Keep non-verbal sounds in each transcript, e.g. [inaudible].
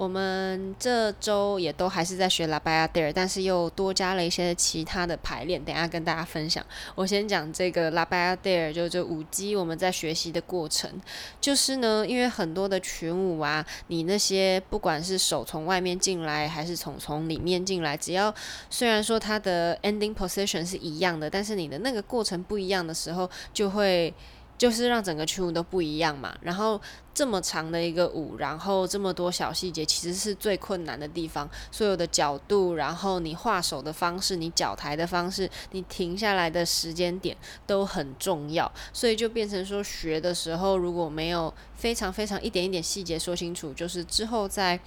我們這週也都還是在學《La Bayadère》，但是又多加了一些其他的排練。等一下跟大家分享。我先講這個《La Bayadère》，就這舞姬，我們在學習的過程，就是呢，因為很多的群舞啊，你那些不管是手從外面進來，還是從從裡面進來，只要雖然說它的 ending position 是一樣的，但是你的那個過程不一樣的時候，就會。就是讓整個曲目都不一樣嘛，然後這麼長的一個舞，然後這麼多小細節，其實是最困難的地方。所有的角度，然後你畫手的方式，你腳抬的方式，你停下來的時間點都很重要，所以就變成說學的時候如果沒有非常非常一點一點細節說清楚，就是之後在。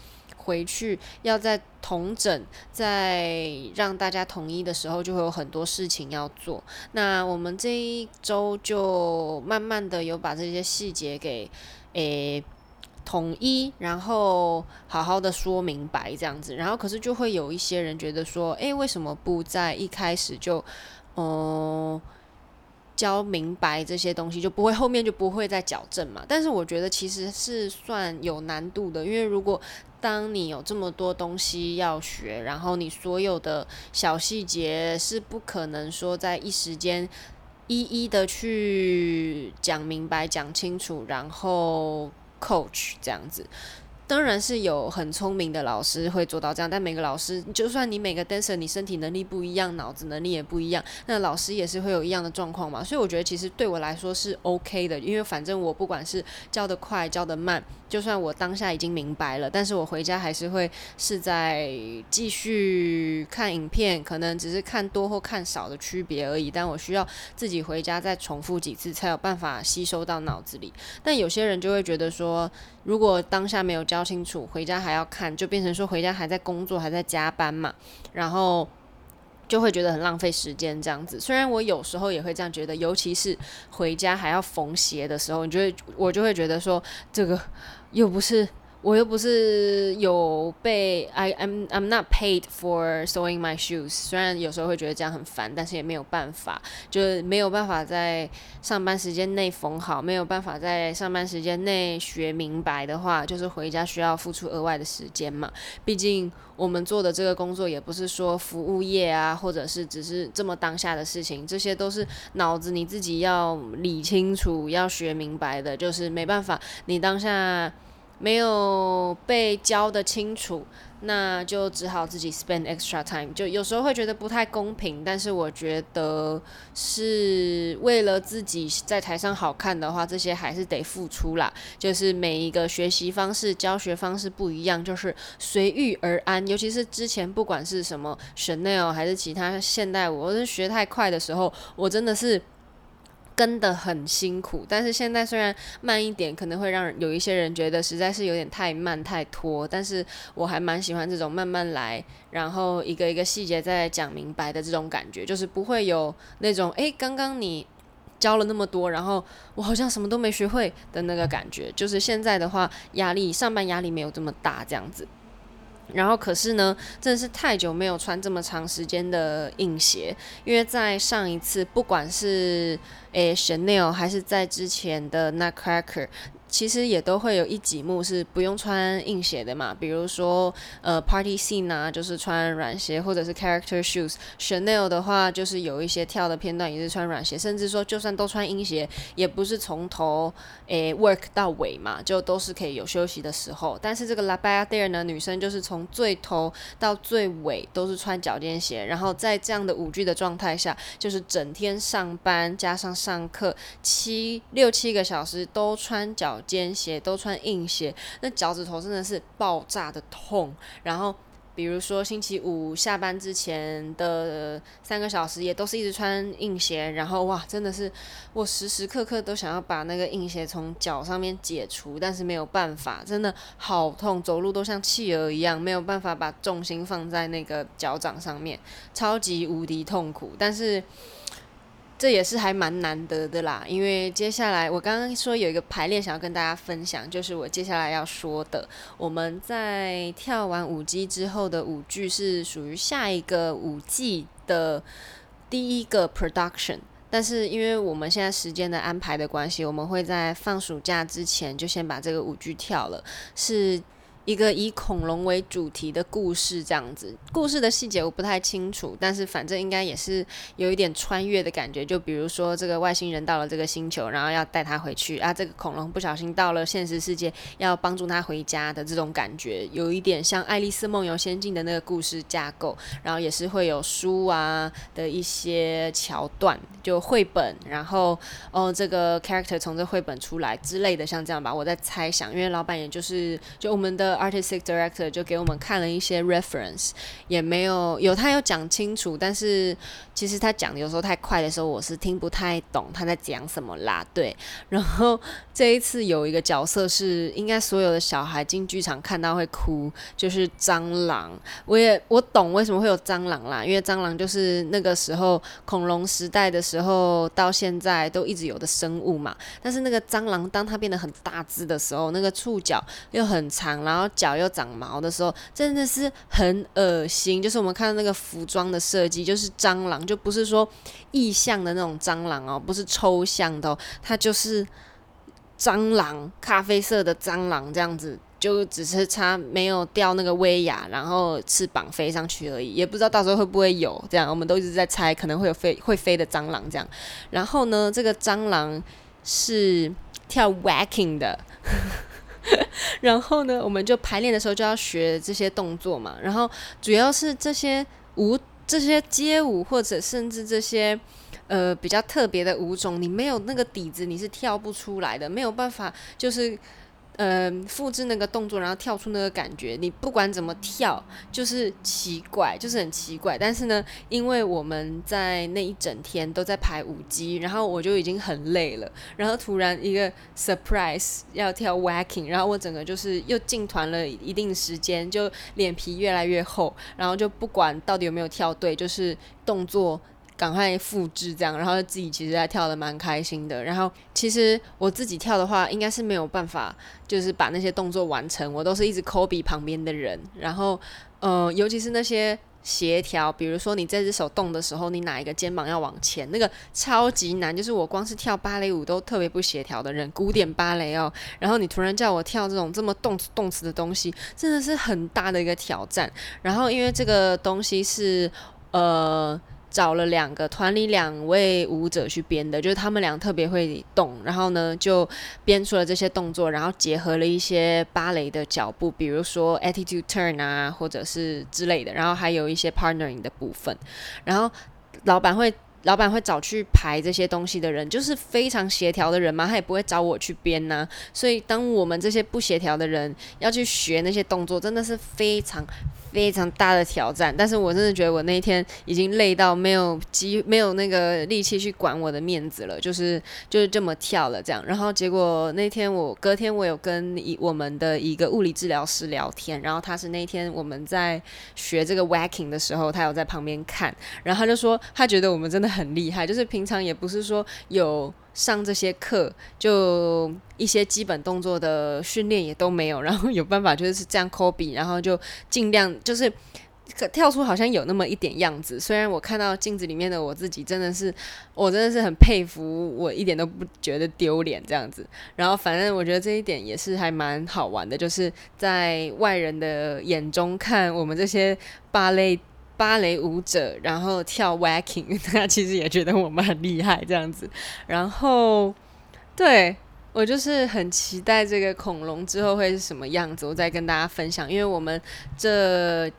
回去要再統整，再讓大家統一的時候，就會有很多事情要做。那我們這一周就慢慢的有把這些細節給誒、欸、統一，然後好好的說明白這樣子。然後可是就會有一些人覺得說，哎、欸，為什麼不在一開始就，嗯？教明白這些東西就不會，後面就不會再矯正嘛。但是我覺得其實是算有難度的，因為如果當你有這麼多東西要學，然後你所有的小細節是不可能說在一時間一一的去講明白、講清楚，然後 coach 這樣子。當然是有很聰明的老師會做到這樣，但每個老師，就算你每個 dancer，你身體能力不一樣，腦子能力也不一樣，那老師也是會有一樣的狀況嘛。所以我覺得其實對我來說是 OK 的，因為反正我不管是教的快教的慢，就算我當下已經明白了，但是我回家還是會是在繼續看影片，可能只是看多或看少的區別而已。但我需要自己回家再重複幾次，才有辦法吸收到腦子裡。但有些人就會覺得說，如果當下沒有比較清楚，回家還要看，就變成說回家還在工作，還在加班嘛，然後就會覺得很浪費時間這樣子。雖然我有時候也會這樣覺得，尤其是回家還要縫鞋的時候，你就會，我就會覺得說這個又不是。我又不是有被，I am I'm not paid for sewing my shoes。雖然有時候會覺得這樣很煩，但是也沒有辦法，就是沒有辦法在上班時間內縫好，沒有辦法在上班時間內學明白的話，就是回家需要付出額外的時間嘛。畢竟我們做的這個工作也不是說服務業啊，或者是只是這麼當下的事情，這些都是腦子你自己要理清楚、要學明白的，就是沒辦法，你當下。沒有被教得清楚，那就只好自己 spend extra time，就有時候會覺得不太公平。但是我覺得是為了自己在台上好看的話，這些還是得付出啦。就是每一個學習方式、教學方式不一樣，就是隨遇而安。尤其是之前不管是什麼 Chanel 還是其他現代舞，我是學太快的時候，我真的是。跟得很辛苦，但是現在雖然慢一點，可能會讓有一些人覺得實在是有點太慢太拖，但是我還蠻喜歡這種慢慢來，然後一個一個細節再講明白的這種感覺，就是不會有那種誒，剛剛你教了那麼多，然後我好像什麼都沒學會的那個感覺。就是現在的話，壓力上班壓力沒有這麼大，這樣子。然後可是呢，真的是太久沒有穿這麼長時間的硬鞋，因為在上一次，不管是誒、欸、Chanel 還是在之前的 Nutcracker 其實也都會有一幾幕是不用穿硬鞋的嘛，比如說呃 party scene 啊，就是穿軟鞋，或者是 character shoes。Chanel 的話，就是有一些跳的片段也是穿軟鞋，甚至說就算都穿硬鞋，也不是從頭誒、欸、work 到尾嘛，就都是可以有休息的時候。但是這個 La Bayadère 呢，女生就是從最頭到最尾都是穿腳尖鞋，然後在這樣的舞劇的狀態下，就是整天上班加上上課七六七個小時都穿腳。尖鞋，都穿硬鞋，那腳趾頭真的是爆炸的痛。然後，比如說星期五下班之前的三個小時，也都是一直穿硬鞋。然後哇，真的是我時時刻刻都想要把那個硬鞋從腳上面解除，但是沒有辦法，真的好痛，走路都像企鵝一樣，沒有辦法把重心放在那個腳掌上面，超級無敵痛苦。但是。這也是還蠻難得的啦，因為接下來我剛剛說有一個排練想要跟大家分享，就是我接下來要說的，我們在跳完舞季之後的舞劇是屬於下一個舞季的第一個 production，但是因為我們現在時間的安排的關係，我們會在放暑假之前就先把這個舞劇跳了，是。一個以恐龍為主題的故事，這樣子，故事的細節我不太清楚，但是反正應該也是有一點穿越的感覺，就比如說這個外星人到了這個星球，然後要帶他回去啊，這個恐龍不小心到了現實世界，要幫助他回家的這種感覺，有一點像《愛麗絲夢遊仙境》的那個故事架構，然後也是會有書啊的一些橋段，就繪本，然後哦這個 character 從這繪本出來之類的，像這樣吧，我在猜想，因為老闆也就是就我們的。Artistic Director 就給我們看了一些 reference，也沒有有他有講清楚，但是其實他講的有時候太快的時候，我是聽不太懂他在講什麼啦。對，然後這一次有一個角色是應該所有的小孩進劇場看到會哭，就是蟑螂。我也我懂為什麼會有蟑螂啦，因為蟑螂就是那個時候恐龍時代的時候到現在都一直有的生物嘛。但是那個蟑螂當它變得很大只的時候，那個觸角又很長，然後。然後腳又長毛的時候，真的是很噁心。就是我們看到那個服裝的設計，就是蟑螂，就不是說意象的那種蟑螂哦，不是抽象的哦，它就是蟑螂，咖啡色的蟑螂這樣子，就只是它沒有掉那個威亞，然後翅膀飛上去而已。也不知道到時候會不會有這樣，我們都一直在猜，可能會有飛會飛的蟑螂這樣。然後呢，這個蟑螂是跳 Waacking 的。呵呵 [laughs] 然後呢，我們就排練的時候就要學這些動作嘛。然後主要是這些舞、這些街舞，或者甚至這些呃比較特別的舞種，你沒有那個底子，你是跳不出來的，沒有辦法，就是。嗯，複製那個動作，然後跳出那個感覺。你不管怎麼跳，就是奇怪，就是很奇怪。但是呢，因為我們在那一整天都在排舞劇，然後我就已經很累了。然後突然一個 surprise 要跳 Waacking，然後我整個就是又進團了一定時間，就臉皮越來越厚，然後就不管到底有沒有跳對，就是動作。趕快複製這樣，然後自己其實還跳得蠻開心的。然後其實我自己跳的話，應該是沒有辦法，就是把那些動作完成。我都是一直 copy 旁邊的人，然後呃，尤其是那些協調，比如說你這隻手動的時候，你哪一個肩膀要往前，那個超級難。就是我光是跳芭蕾舞都特別不協調的人，古典芭蕾哦。然後你突然叫我跳這種這麼動動詞的東西，真的是很大的一個挑戰。然後因為這個東西是呃。找了兩個團裡兩位舞者去編的，就是他們倆特別會動，然後呢就編出了這些動作，然後結合了一些芭蕾的腳步，比如說 attitude turn 啊，或者是之類的，然後還有一些 partnering 的部分。然後老板會，老板會找去排這些東西的人，就是非常協調的人嘛，他也不會找我去編吶啊。所以當我們這些不協調的人要去學那些動作，真的是非常。非常大的挑戰，但是我真的覺得我那一天已經累到沒有機，沒有那個力氣去管我的面子了，就是就是這麼跳了這樣。然後結果那天，我隔天我有跟一，我們的一個物理治療師聊天，然後他是那天我們在學這個 Waacking 的時候，他有在旁邊看，然後他就說他覺得我們真的很厲害，就是平常也不是說有。上這些課，就一些基本動作的訓練也都沒有，然後有辦法就是這樣 copy，然後就盡量就是可跳出好像有那麼一點樣子。雖然我看到鏡子裡面的我自己，真的是我真的是很佩服，我一點都不覺得丟臉這樣子。然後反正我覺得這一點也是還蠻好玩的，就是在外人的眼中看我們這些芭蕾。芭蕾舞者，然後跳 Waacking，大家其實也覺得我們很厲害這樣子。然後，對，我就是很期待這個恐龍之後會是什麼樣子，我再跟大家分享。因為我們這。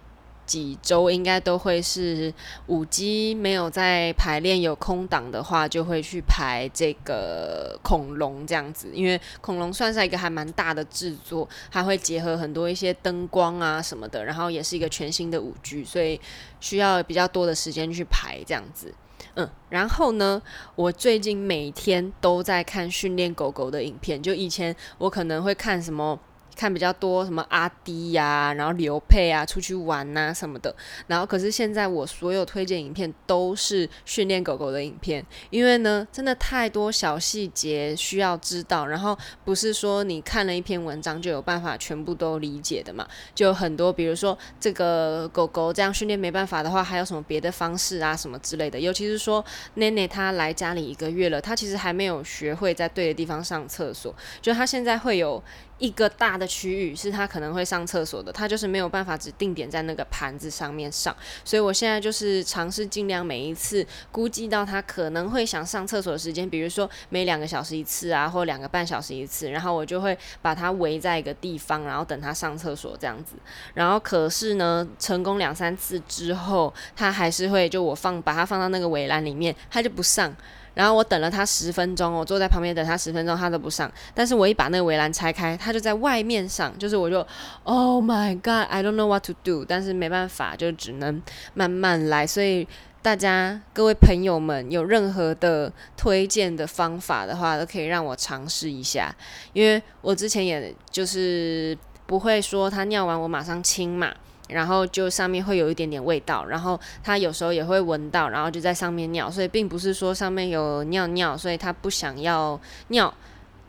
幾周應該都會是舞劇，沒有在排練有空檔的話，就會去排這個恐龍這樣子，因為恐龍算是一個還蠻大的制作，還會結合很多一些燈光啊什麼的，然後也是一個全新的舞劇，所以需要比較多的時間去排這樣子。嗯，然後呢，我最近每天都在看訓練狗狗的影片，就以前我可能會看什麼。看比較多什麼阿滴呀、啊，然後劉沛啊，出去玩啊什麼的。然後可是現在我所有推薦影片都是訓練狗狗的影片，因為呢，真的太多小細節需要知道。然後不是說你看了一篇文章就有辦法全部都理解的嘛？就很多，比如說這個狗狗這樣訓練沒辦法的話，還有什麼別的方式啊，什麼之類的。尤其是說奈奈她來家裡一個月了，她其實還沒有學會在對的地方上廁所，就她現在會有。一個大的區域是它可能會上廁所的，它就是沒有辦法只定點在那個盤子上面上。所以我現在就是嘗試盡量每一次估計到它可能會想上廁所的時間，比如說每兩個小時一次啊，或兩個半小時一次，然後我就會把它圍在一個地方，然後等它上廁所這樣子。然後可是呢，成功兩三次之後，它還是會就我放把它放到那個圍欄裡面，它就不上。然後我等了他十分鐘，我坐在旁邊等他十分鐘，他都不上。但是我一把那個圍欄拆開，他就在外面上，就是我就，Oh my God，I don't know what to do。但是沒辦法，就只能慢慢來。所以大家各位朋友們有任何的推薦的方法的話，都可以讓我嘗試一下，因為我之前也就是不會說他尿完我馬上清嘛。然後就上面會有一點點味道，然後他有時候也會聞到，然後就在上面尿，所以並不是說上面有尿尿，所以他不想要尿。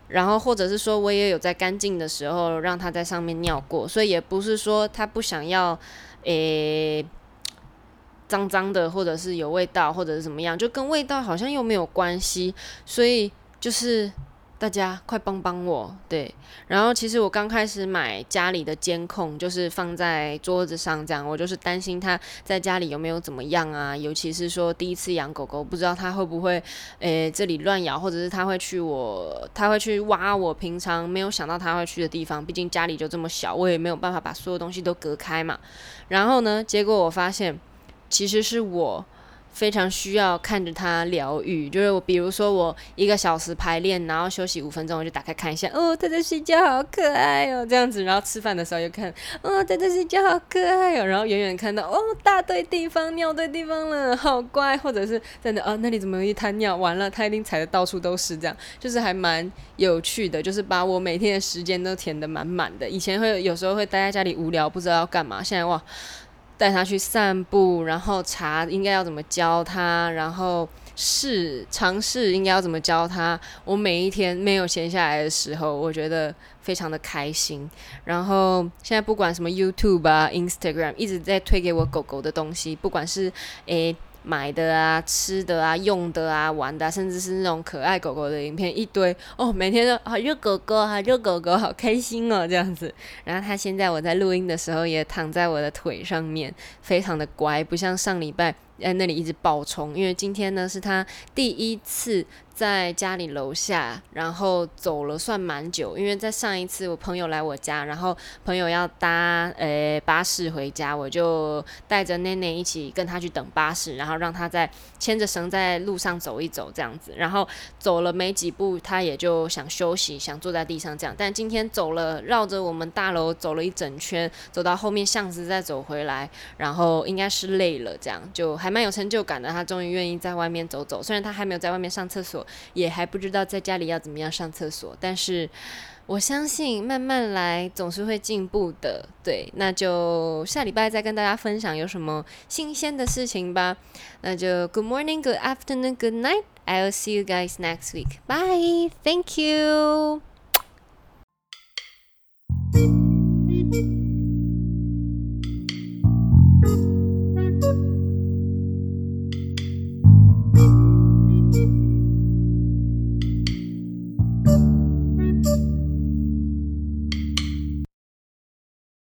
然後或者是說我也有在乾淨的時候讓他在上面尿過，所以也不是說他不想要，誒、欸，髒髒的或者是有味道或者是怎麼樣，就跟味道好像又沒有關係，所以就是。大家快幫幫我！對，然後其實我剛開始買家裡的監控，就是放在桌子上這樣，我就是擔心它在家裡有沒有怎麼樣啊？尤其是說第一次養狗狗，不知道它會不會誒、欸、這裡亂咬，或者是它會去我，它會去挖我平常沒有想到它會去的地方。畢竟家裡就這麼小，我也沒有辦法把所有東西都隔開嘛。然後呢，結果我發現，其實是我。非常需要看着他療癒，就是我，比如說我一個小時排練，然後休息五分鐘，我就打開看一下，哦，他在睡覺，好可愛哦，這樣子。然後吃飯的時候又看，哦，在這睡覺，好可愛哦。然後遠遠看到，哦，大對地方，尿對地方了，好乖。或者是真的，哦、啊，那裡怎麼有一灘尿？完了，他一定踩得到處都是。這樣就是還蠻有趣的，就是把我每天的時間都填得滿滿的。以前會有時候會待在家裡無聊，不知道要幹嘛。現在哇。帶他去散步，然後查，應該要怎麼教他，然後試嘗試應該要怎麼教他。我每一天沒有閒下來的時候，我覺得非常的開心。然後現在不管什麼 YouTube 啊、Instagram，一直在推給我狗狗的東西，不管是誒。欸買的啊、吃的啊、用的啊、玩的啊，甚至是那種可愛狗狗的影片一堆哦，每天都啊熱狗狗啊熱狗狗，好開心哦，這樣子。然後它現在我在錄音的時候也躺在我的腿上面，非常的乖，不像上禮拜。在那裡一直爆衝，因為今天呢是他第一次在家裡樓下，然後走了算蠻久，因為在上一次我朋友來我家，然後朋友要搭誒、欸、巴士回家，我就帶着奈奈一起跟他去等巴士，然後讓他在牽着繩在路上走一走這樣子，然後走了沒幾步，他也就想休息，想坐在地上這樣，但今天走了繞着我們大樓走了一整圈，走到後面巷子再走回來，然後應該是累了這樣就。還蠻有成就感的，他終於願意在外面走走。雖然他還沒有在外面上廁所，也還不知道在家裡要怎麼樣上廁所，但是我相信慢慢來總是會進步的。對，那就下禮拜再跟大家分享有什麼新鮮的事情吧。那就 Good morning, Good afternoon, Good night. I'll see you guys next week. Bye. Thank you.